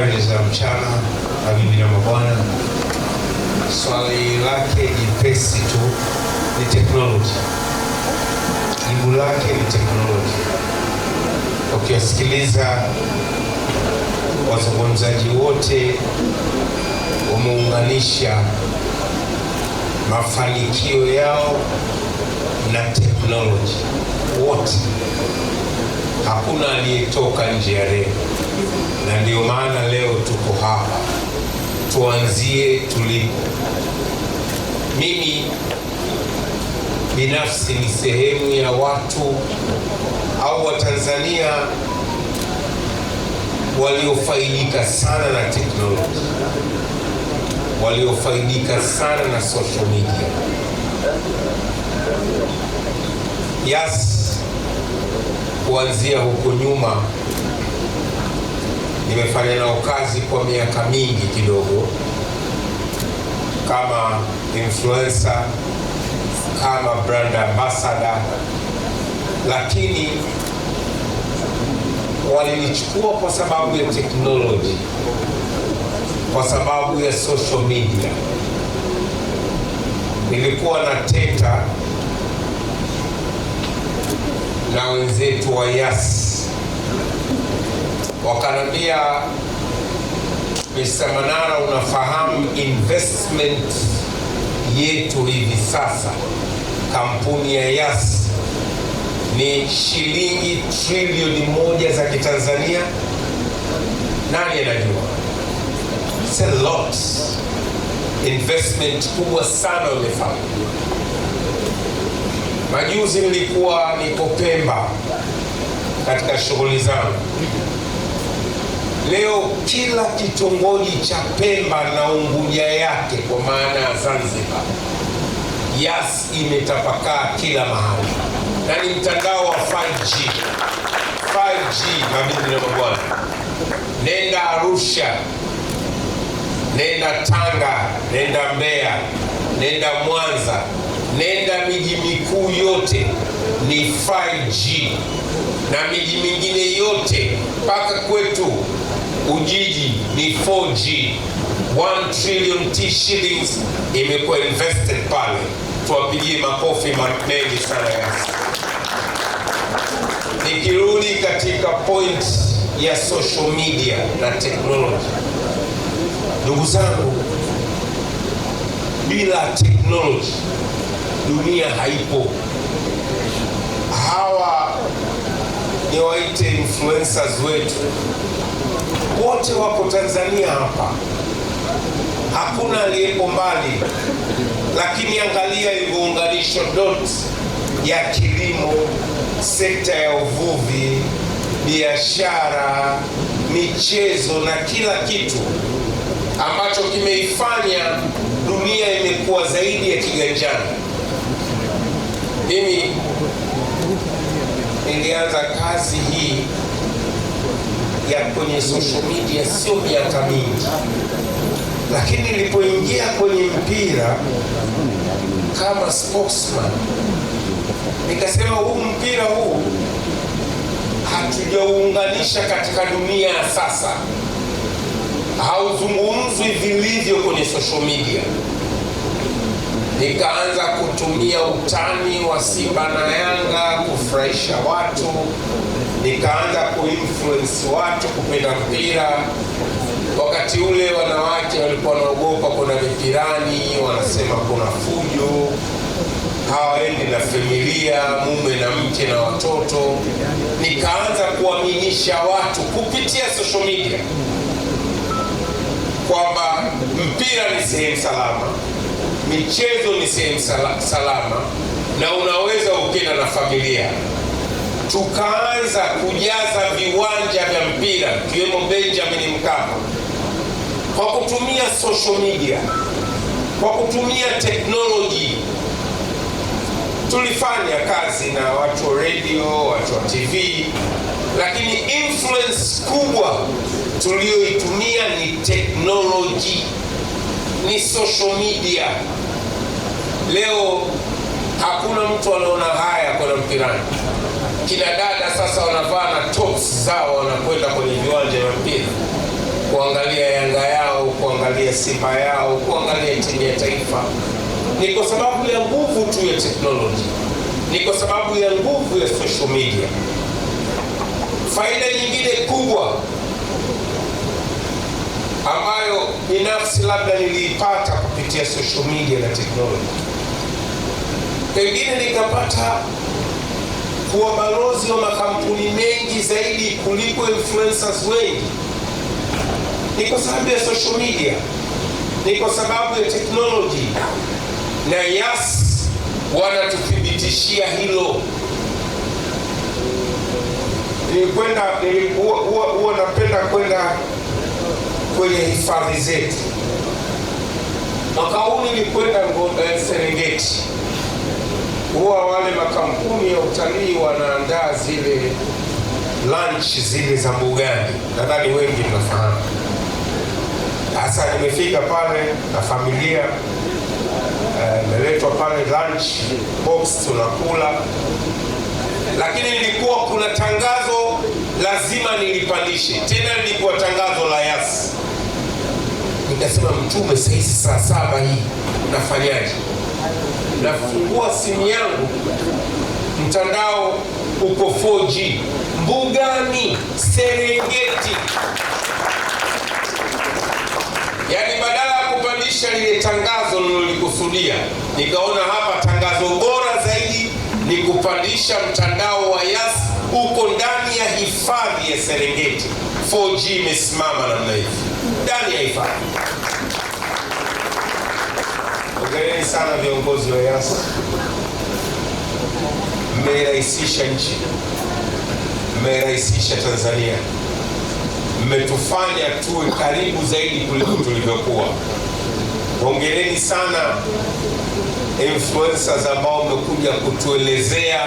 habari za mchana, mabibi na mabwana. Swali lake pesi tu ni teknoloji, jibu lake ni teknoloji. Ukiwasikiliza wazungumzaji wote, wameunganisha mafanikio yao na teknoloji wote, hakuna aliyetoka nje ya reli na ndio maana leo tuko hapa. Tuanzie tulipo. Mimi binafsi ni sehemu ya watu au Watanzania waliofaidika sana na teknolojia, waliofaidika sana na social media. yas kuanzia huko nyuma nimefanya nao kazi kwa miaka mingi kidogo, kama influencer, kama brand ambassador, lakini walinichukua kwa sababu ya teknoloji, kwa sababu ya social media. Nilikuwa na teta na wenzetu wa Yasi wakanambia Mr. Manara, unafahamu investment yetu hivi sasa kampuni ya Yas ni shilingi trilioni moja za Kitanzania. Nani anajua? It's a lot. Investment kubwa sana imefanywa. Majuzi nilikuwa niko Pemba katika shughuli zangu Leo kila kitongoji cha Pemba na Unguja yake kwa maana ya Zanzibar, yas imetapakaa kila mahali na ni mtandao wa 5G. 5G mabibi na mabwana, nenda Arusha, nenda Tanga, nenda Mbeya, nenda Mwanza, nenda miji mikuu yote ni 5G na miji mingine yote mpaka kwetu Ujiji ni 4G 1 trillion T shillings imekuwa invested pale, tuwapigie makofi mengi sana yes. Nikirudi katika point ya social media na technology, ndugu zangu, bila technology dunia haipo. Hawa niwaite influencers wetu wote wako Tanzania hapa, hakuna aliyepo mbali, lakini angalia ilivyounganisho dot ya kilimo, sekta ya uvuvi, biashara, michezo na kila kitu ambacho kimeifanya dunia imekuwa zaidi ya kiganjani. Mimi nilianza kazi hii ya kwenye social media sio miaka mingi, lakini nilipoingia kwenye mpira kama spokesman, nikasema huu mpira huu hatujauunganisha katika dunia ya sasa, hauzungumzwi vilivyo kwenye social media. Nikaanza kutumia utani wa Simba na Yanga kufurahisha watu nikaanza kuinfluence watu kupenda mpira. Wakati ule wanawake walikuwa wanaogopa kuna mipirani, wanasema kuna fujo, hawaendi na familia, mume na mke na watoto. Nikaanza kuaminisha watu kupitia social media kwamba mpira ni sehemu salama, michezo ni sehemu salama, na unaweza ukenda na familia tukaanza kujaza viwanja vya mpira kiwemo Benjamin Mkapa kwa kutumia social media, kwa kutumia teknoloji. Tulifanya kazi na watu wa radio, watu wa TV, lakini influence kubwa tuliyoitumia ni teknoloji, ni social media. Leo hakuna mtu anaona haya kwena mpirani. Kina dada sasa wanavaa na tops zao, wanakwenda kwenye viwanja vya mpira kuangalia Yanga yao, kuangalia Simba yao, kuangalia timu ya taifa. Ni kwa sababu ya nguvu tu ya teknoloji, ni kwa sababu ya nguvu ya social media. Faida nyingine kubwa ambayo binafsi labda niliipata kupitia social media na teknoloji, pengine nikapata kuwa balozi wa makampuni mengi zaidi kuliko influencers wengi, ni kwa sababu ya social media, ni kwa sababu ya technology na Yas wanatuthibitishia hilo. Nilikwenda, huwa napenda kwenda kwenye hifadhi zetu. Mwaka huu nilikwenda eh, Serengeti huwa wale makampuni ya utalii wanaandaa zile lunch zile za mbugani, nadhani wengi mnafahamu. Sasa nimefika pale na familia eh, imeletwa uh, pale lunch box tunakula, lakini nilikuwa kuna tangazo lazima nilipandishe tena, lilikuwa tangazo la yasi. Nikasema mtume, saa hizi saa saba hii nafanyaje? nafungua simu yangu, mtandao uko 4G, Mbugani, Serengeti. Yaani, badala ya kupandisha lile tangazo nilolikusudia, nikaona hapa tangazo bora zaidi ni kupandisha mtandao wa Yas uko ndani ya hifadhi ya Serengeti. 4G imesimama namna hivi ndani ya hifadhi. Hongereni sana viongozi wa Yasa, mmerahisisha nchi, mmerahisisha Tanzania, mmetufanya tuwe karibu zaidi kuliko tulivyokuwa. Hongereni sana influencers ambao mmekuja kutuelezea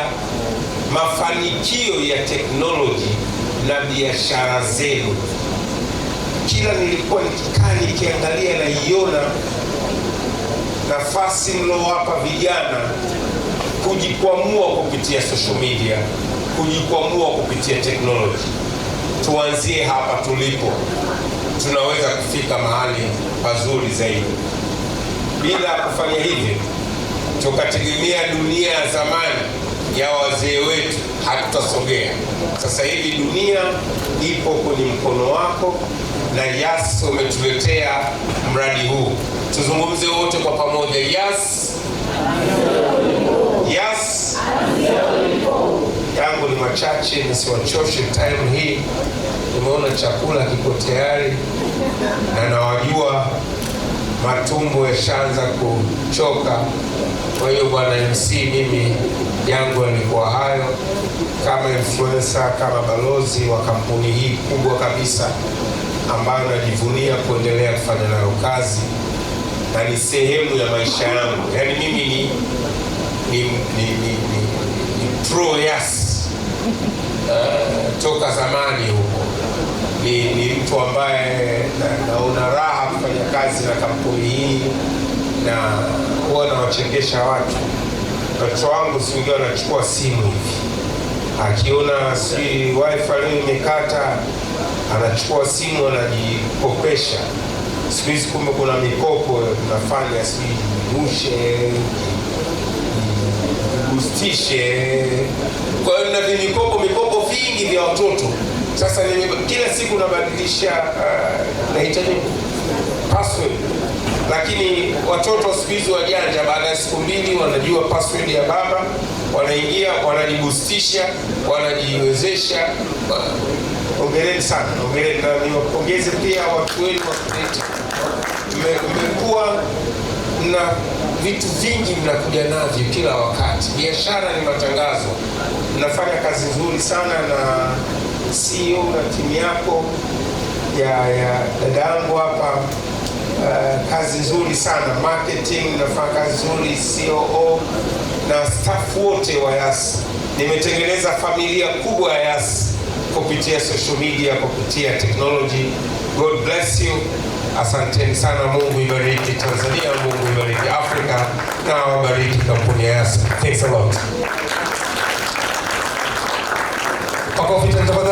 mafanikio ya teknoloji na biashara zenu. Kila nilikuwa nikikaa nikiangalia, naiona nafasi mlowapa vijana kujikwamua kupitia social media, kujikwamua kupitia teknoloji. Tuanzie hapa tulipo, tunaweza kufika mahali pazuri zaidi. Bila kufanya hivi tukategemea dunia ya zamani ya wazee wetu, hatutasogea. Sasa hivi dunia ipo kwenye mkono wako, na Yas umetuletea mradi huu, tuzungumze wote kwa pamoja. wachache, nisiwachoshe time hii. Umeona chakula kiko tayari na nawajua matumbo yashaanza kuchoka. Kwa hiyo bwana MC, mimi yangu yalikuwa hayo, kama influencer, kama balozi wa kampuni hii kubwa kabisa ambayo najivunia kuendelea kufanya nayo kazi na ni sehemu ya maisha yangu, yaani mimi ni, ni, ni, ni, ni, ni pro yas Eh, toka zamani huko. Ni, ni mtu ambaye naona na raha kufanya kazi na kampuni hii na huwa nawachengesha watu. Watoto wangu siungia wanachukua simu hivi, akiona si wifi leo imekata, anachukua simu anajikopesha. Siku hizi kumbe kuna mikopo nafanya si ushe tusitishe. Kwa hiyo na vimikopo mikopo vingi vya watoto sasa, kila siku nabadilisha uh, nahitaji password lakini watoto siku hizi wajanja, baada ya siku mbili wanajua password ya baba, wanaingia wanajibustisha, wanajiwezesha. Hongereni sana, hongereni na niwapongeze pia watu wenu wa mmekuwa mna vitu vingi mnakuja navyo kila wakati. Biashara ni matangazo, mnafanya kazi nzuri sana na CEO na timu yako ya ya dada yangu hapa uh, kazi nzuri sana marketing, mnafanya kazi nzuri COO e na staff wote wa Yas. Nimetengeneza familia kubwa ya Yas kupitia social media, kupitia technology. God bless you. Asanteni sana. Mungu ibariki Tanzania, Mungu ibariki Afrika na wabariki kampuni ya Thanks a lot.